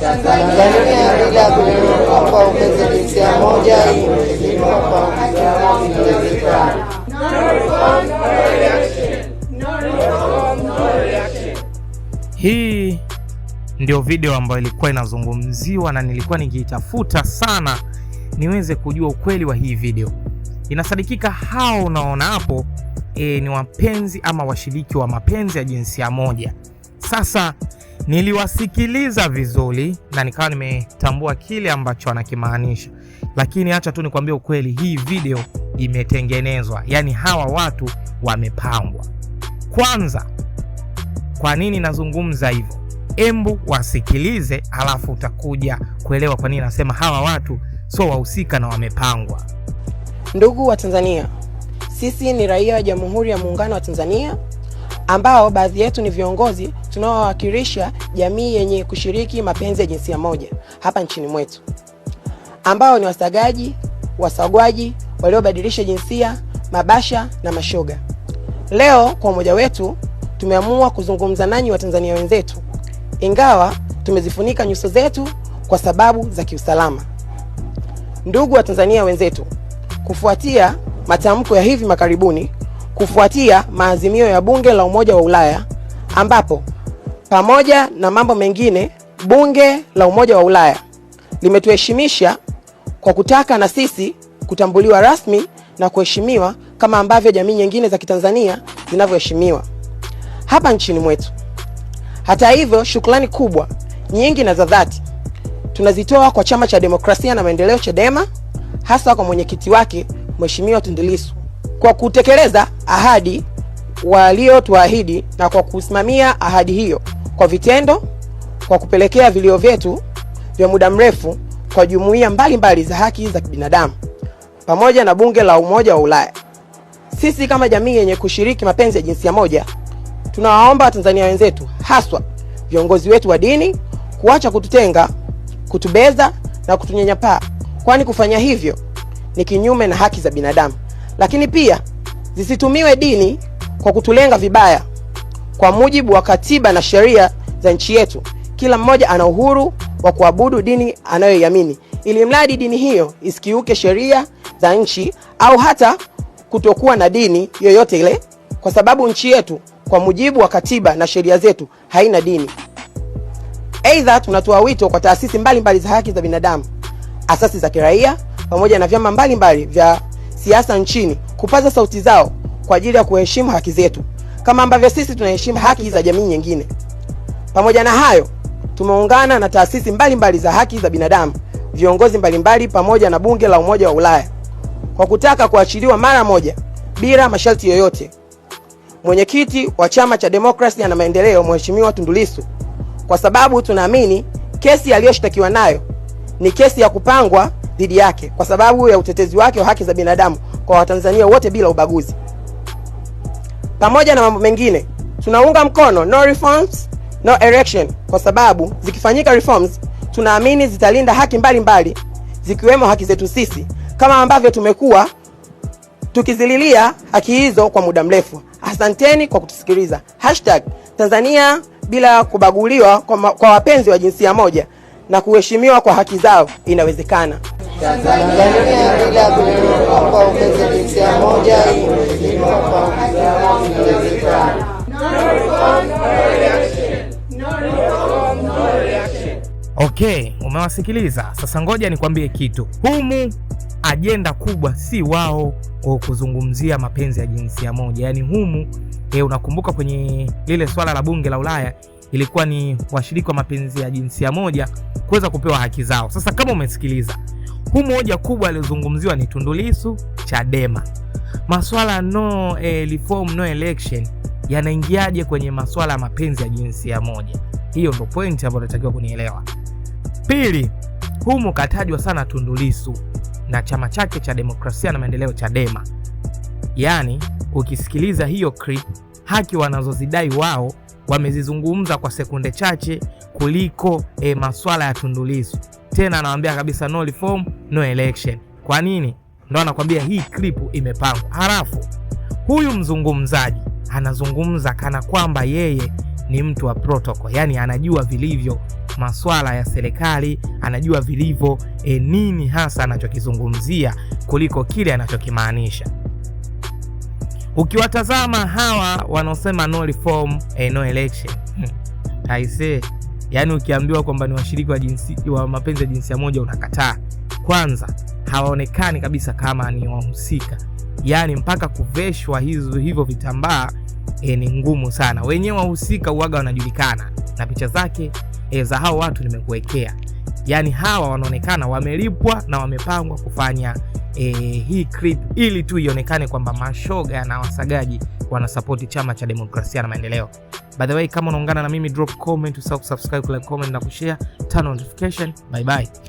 Tanzania bila kuinuka kwa moja kwa Hii ndio video ambayo ilikuwa inazungumziwa na nilikuwa nikiitafuta sana niweze kujua ukweli wa hii video. Inasadikika hao unaona hapo e, ni wapenzi ama washiriki wa mapenzi ya jinsia moja. Sasa Niliwasikiliza vizuri na nikawa nimetambua kile ambacho anakimaanisha, lakini acha tu nikwambie ukweli, hii video imetengenezwa, yaani hawa watu wamepangwa. Kwanza, kwa nini nazungumza hivyo? Embu wasikilize, alafu utakuja kuelewa kwa nini nasema hawa watu sio wahusika na wamepangwa. Ndugu wa Tanzania, sisi ni raia wa Jamhuri ya Muungano wa Tanzania ambao baadhi yetu ni viongozi tunaowakilisha jamii yenye kushiriki mapenzi ya jinsia moja hapa nchini mwetu, ambao ni wasagaji, wasagwaji, waliobadilisha jinsia, mabasha na mashoga. Leo kwa umoja wetu tumeamua kuzungumza nanyi Watanzania wenzetu, ingawa tumezifunika nyuso zetu kwa sababu za kiusalama. Ndugu wa tanzania wenzetu, kufuatia matamko ya hivi makaribuni kufuatia maazimio ya Bunge la Umoja wa Ulaya ambapo pamoja na mambo mengine, bunge la Umoja wa Ulaya limetuheshimisha kwa kutaka na sisi kutambuliwa rasmi na kuheshimiwa kama ambavyo jamii nyingine za Kitanzania zinavyoheshimiwa hapa nchini mwetu. Hata hivyo, shukrani kubwa nyingi na za dhati tunazitoa kwa Chama cha Demokrasia na Maendeleo, CHADEMA, hasa kwa mwenyekiti wake Mheshimiwa Tundu Lissu kwa kutekeleza ahadi waliotuahidi na kwa kusimamia ahadi hiyo kwa vitendo, kwa kupelekea vilio vyetu vya muda mrefu kwa jumuiya mbalimbali za haki za kibinadamu pamoja na bunge la Umoja wa Ulaya. Sisi kama jamii yenye kushiriki mapenzi ya jinsia moja tunawaomba Watanzania wenzetu, haswa viongozi wetu wa dini, kuacha kututenga, kutubeza na kutunyanyapaa, kwani kufanya hivyo ni kinyume na haki za binadamu. Lakini pia zisitumiwe dini kwa kutulenga vibaya. Kwa mujibu wa katiba na sheria za nchi yetu, kila mmoja ana uhuru wa kuabudu dini anayoiamini, ili mradi dini hiyo isikiuke sheria za nchi au hata kutokuwa na dini yoyote ile, kwa sababu nchi yetu kwa mujibu wa katiba na sheria zetu haina dini. Aidha, tunatoa wito kwa taasisi mbalimbali za haki za binadamu, asasi za kiraia pamoja na vyama mbalimbali vya siasa nchini kupaza sauti zao kwa ajili ya kuheshimu haki zetu kama ambavyo sisi tunaheshimu haki za jamii nyingine. Pamoja na hayo, tumeungana na taasisi mbalimbali za haki za binadamu, viongozi mbalimbali, pamoja na bunge la Umoja wa Ulaya kwa kutaka kuachiliwa mara moja bila masharti yoyote mwenyekiti wa chama cha demokrasia na maendeleo Mheshimiwa Tundu Lissu, kwa sababu tunaamini kesi aliyoshtakiwa nayo ni kesi ya kupangwa dhidi yake kwa sababu ya utetezi wake wa haki za binadamu kwa Watanzania wote bila ubaguzi. Pamoja na mambo mengine, tunaunga mkono no reforms no erection kwa sababu zikifanyika reforms, tunaamini zitalinda haki mbalimbali mbali, zikiwemo haki zetu sisi kama ambavyo tumekuwa tukizililia haki hizo kwa muda mrefu. Asanteni kwa kutusikiliza. Hashtag Tanzania bila kubaguliwa kwa, kwa wapenzi wa jinsia moja na kuheshimiwa kwa haki zao inawezekana. Tanzania bila moja Okay, umewasikiliza sasa. Ngoja nikwambie kitu humu ajenda kubwa si wao kuzungumzia mapenzi ya jinsia moja, yaani humu e, unakumbuka kwenye lile swala la bunge la Ulaya ilikuwa ni washiriki wa mapenzi ya jinsia moja kuweza kupewa haki zao. Sasa kama umesikiliza Humu hoja kubwa aliyozungumziwa ni Tundu Lissu, Chadema. Maswala no eh, reform no election yanaingiaje kwenye maswala ya mapenzi ya jinsia moja? Hiyo ndo point ambayo natakiwa kunielewa. Pili, humu katajwa sana Tundu Lissu na chama chake cha demokrasia na maendeleo Chadema. Yaani ukisikiliza hiyo clip, haki wanazozidai wao wamezizungumza kwa sekunde chache kuliko e, maswala ya Tundu Lissu. Tena anawaambia kabisa no reform, no election. Kwa nini? Ndo anakwambia hii klipu imepangwa. Halafu huyu mzungumzaji anazungumza kana kwamba yeye ni mtu wa protocol, yani anajua vilivyo maswala ya serikali, anajua vilivyo e, nini hasa anachokizungumzia kuliko kile anachokimaanisha. Ukiwatazama hawa wanaosema no reform eh, no election hmm. say, yani ukiambiwa kwamba ni washiriki wa jinsi wa mapenzi ya jinsia moja unakataa. Kwanza hawaonekani kabisa kama ni wahusika, yani mpaka kuveshwa hizo hivyo vitambaa eh, ni ngumu sana. Wenyewe wahusika uwaga wanajulikana na picha zake eh, za hao watu nimekuwekea. yani hawa wanaonekana wamelipwa na wamepangwa kufanya e, hii clip ili tu ionekane kwamba mashoga na wasagaji wanasapoti chama cha demokrasia na maendeleo. By the way, kama unaungana na mimi, drop comment, usahau kusubscribe, like, comment na kushare, turn on notification. Bye bye.